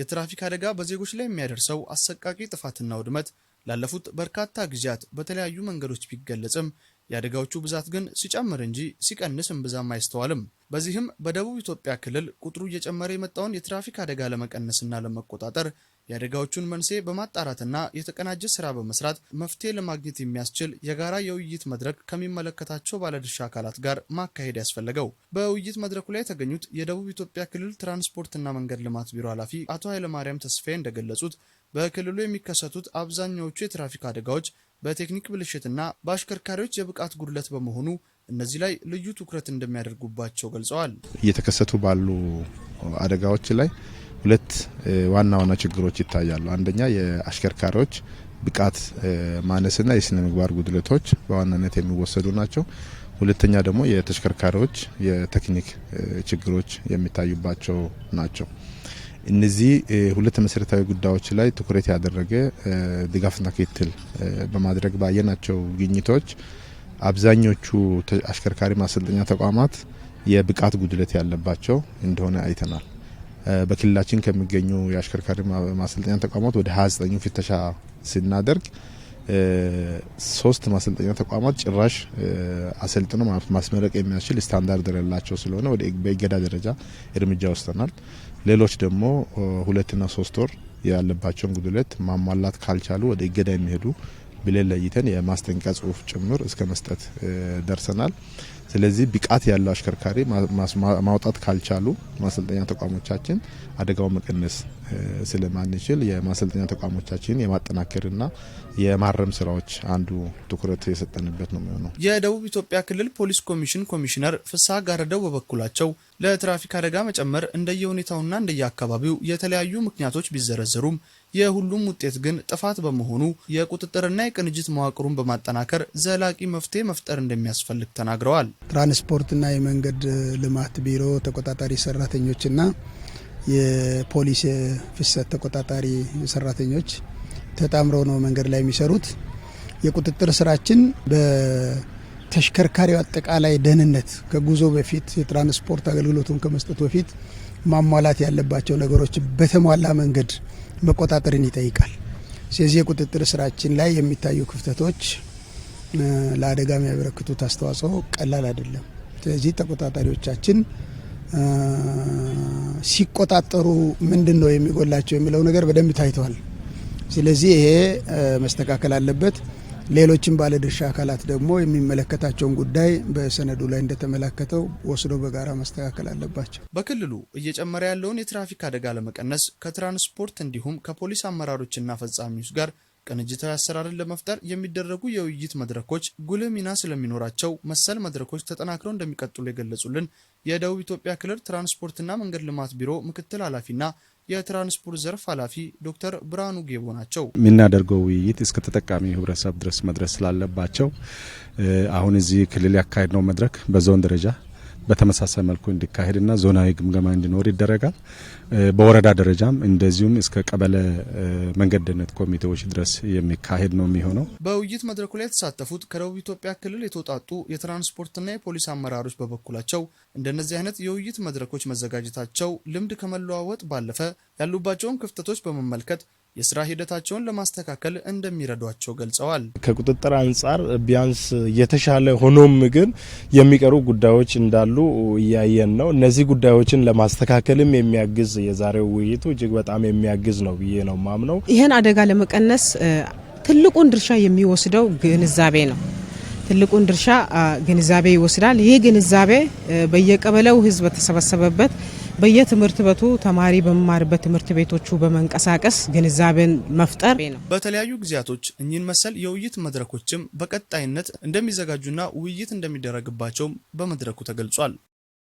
የትራፊክ አደጋ በዜጎች ላይ የሚያደርሰው አሰቃቂ ጥፋትና ውድመት ላለፉት በርካታ ጊዜያት በተለያዩ መንገዶች ቢገለጽም የአደጋዎቹ ብዛት ግን ሲጨምር እንጂ ሲቀንስ እምብዛም አይስተዋልም። በዚህም በደቡብ ኢትዮጵያ ክልል ቁጥሩ እየጨመረ የመጣውን የትራፊክ አደጋ ለመቀነስና ለመቆጣጠር የአደጋዎቹን መንስኤ በማጣራትና የተቀናጀ ስራ በመስራት መፍትሄ ለማግኘት የሚያስችል የጋራ የውይይት መድረክ ከሚመለከታቸው ባለድርሻ አካላት ጋር ማካሄድ ያስፈለገው። በውይይት መድረኩ ላይ የተገኙት የደቡብ ኢትዮጵያ ክልል ትራንስፖርትና መንገድ ልማት ቢሮ ኃላፊ አቶ ኃይለማርያም ተስፋዬ እንደገለጹት በክልሉ የሚከሰቱት አብዛኛዎቹ የትራፊክ አደጋዎች በቴክኒክ ብልሽትና በአሽከርካሪዎች የብቃት ጉድለት በመሆኑ እነዚህ ላይ ልዩ ትኩረት እንደሚያደርጉባቸው ገልጸዋል። እየተከሰቱ ባሉ አደጋዎች ላይ ሁለት ዋና ዋና ችግሮች ይታያሉ። አንደኛ የአሽከርካሪዎች ብቃት ማነስና የስነ ምግባር ጉድለቶች በዋናነት የሚወሰዱ ናቸው። ሁለተኛ ደግሞ የተሽከርካሪዎች የቴክኒክ ችግሮች የሚታዩባቸው ናቸው። እነዚህ ሁለት መሰረታዊ ጉዳዮች ላይ ትኩረት ያደረገ ድጋፍና ክትትል በማድረግ ባየናቸው ግኝቶች አብዛኞቹ አሽከርካሪ ማሰልጠኛ ተቋማት የብቃት ጉድለት ያለባቸው እንደሆነ አይተናል። በክልላችን ከሚገኙ የአሽከርካሪ ማሰልጠኛ ተቋማት ወደ 29 ፍተሻ ስናደርግ ሶስት ማሰልጠኛ ተቋማት ጭራሽ አሰልጥኖ ማስመረቅ የሚያስችል ስታንዳርድ የሌላቸው ስለሆነ ወደ በእገዳ ደረጃ እርምጃ ወስደናል። ሌሎች ደግሞ ሁለትና ሶስት ወር ያለባቸውን ጉድለት ማሟላት ካልቻሉ ወደ እገዳ የሚሄዱ ብለን ለይተን የማስጠንቀቂያ ጽሁፍ ጭምር እስከ መስጠት ደርሰናል። ስለዚህ ብቃት ያለው አሽከርካሪ ማውጣት ካልቻሉ ማሰልጠኛ ተቋሞቻችን አደጋውን መቀነስ ስለማንችል የማሰልጠኛ ተቋሞቻችንን የማጠናከርና የማረም ስራዎች አንዱ ትኩረት የሰጠንበት ነው የሚሆነው። የደቡብ ኢትዮጵያ ክልል ፖሊስ ኮሚሽን ኮሚሽነር ፍስሐ ጋረደው በበኩላቸው ለትራፊክ አደጋ መጨመር እንደየሁኔታውና እንደየአካባቢው የተለያዩ ምክንያቶች ቢዘረዘሩም የሁሉም ውጤት ግን ጥፋት በመሆኑ የቁጥጥርና የቅንጅት መዋቅሩን በማጠናከር ዘላቂ መፍትሄ መፍጠር እንደሚያስፈልግ ተናግረዋል። ትራንስፖርትና የመንገድ ልማት ቢሮ ተቆጣጣሪ ሰራተኞችና የፖሊስ ፍሰት ተቆጣጣሪ ሰራተኞች ተጣምረው ነው መንገድ ላይ የሚሰሩት። የቁጥጥር ስራችን በተሽከርካሪው አጠቃላይ ደህንነት ከጉዞ በፊት የትራንስፖርት አገልግሎቱን ከመስጠት በፊት ማሟላት ያለባቸው ነገሮች በተሟላ መንገድ መቆጣጠርን ይጠይቃል። ስለዚህ የቁጥጥር ስራችን ላይ የሚታዩ ክፍተቶች ለአደጋ የሚያበረክቱት አስተዋጽኦ ቀላል አይደለም። ስለዚህ ተቆጣጣሪዎቻችን ሲቆጣጠሩ ምንድን ነው የሚጎላቸው የሚለው ነገር በደንብ ታይተዋል። ስለዚህ ይሄ መስተካከል አለበት። ሌሎችም ባለድርሻ አካላት ደግሞ የሚመለከታቸውን ጉዳይ በሰነዱ ላይ እንደተመላከተው ወስዶ በጋራ መስተካከል አለባቸው። በክልሉ እየጨመረ ያለውን የትራፊክ አደጋ ለመቀነስ ከትራንስፖርት እንዲሁም ከፖሊስ አመራሮችና ፈጻሚዎች ጋር ቅንጅታዊ አሰራርን ለመፍጠር የሚደረጉ የውይይት መድረኮች ጉልህ ሚና ስለሚኖራቸው መሰል መድረኮች ተጠናክረው እንደሚቀጥሉ የገለጹልን የደቡብ ኢትዮጵያ ክልል ትራንስፖርትና መንገድ ልማት ቢሮ ምክትል ኃላፊና የትራንስፖርት ዘርፍ ኃላፊ ዶክተር ብርሃኑ ጌቦ ናቸው። የምናደርገው ውይይት እስከ ተጠቃሚ ህብረተሰብ ድረስ መድረስ ስላለባቸው አሁን እዚህ ክልል ያካሄድ ነው መድረክ በዞን ደረጃ በተመሳሳይ መልኩ እንዲካሄድና ዞናዊ ግምገማ እንዲኖር ይደረጋል። በወረዳ ደረጃም እንደዚሁም እስከ ቀበሌ መንገድ ደህንነት ኮሚቴዎች ድረስ የሚካሄድ ነው የሚሆነው። በውይይት መድረኩ ላይ የተሳተፉት ከደቡብ ኢትዮጵያ ክልል የተውጣጡ የትራንስፖርትና የፖሊስ አመራሮች በበኩላቸው እንደነዚህ አይነት የውይይት መድረኮች መዘጋጀታቸው ልምድ ከመለዋወጥ ባለፈ ያሉባቸውን ክፍተቶች በመመልከት የስራ ሂደታቸውን ለማስተካከል እንደሚረዷቸው ገልጸዋል። ከቁጥጥር አንጻር ቢያንስ የተሻለ ሆኖም ግን የሚቀሩ ጉዳዮች እንዳሉ እያየን ነው። እነዚህ ጉዳዮችን ለማስተካከልም የሚያግዝ የዛሬው ውይይቱ እጅግ በጣም የሚያግዝ ነው ብዬ ነው ማምነው። ይህን አደጋ ለመቀነስ ትልቁን ድርሻ የሚወስደው ግንዛቤ ነው። ትልቁን ድርሻ ግንዛቤ ይወስዳል። ይህ ግንዛቤ በየቀበሌው ህዝብ በተሰበሰበበት በየትምህርት ቤቱ ተማሪ በመማርበት ትምህርት ቤቶቹ በመንቀሳቀስ ግንዛቤን መፍጠር ነው። በተለያዩ ጊዜያቶች እኚህን መሰል የውይይት መድረኮችም በቀጣይነት እንደሚዘጋጁና ውይይት እንደሚደረግባቸውም በመድረኩ ተገልጿል።